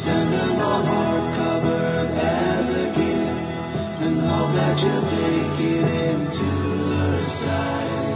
Send her my heart covered as a gift, and hope that you'll take it into her side.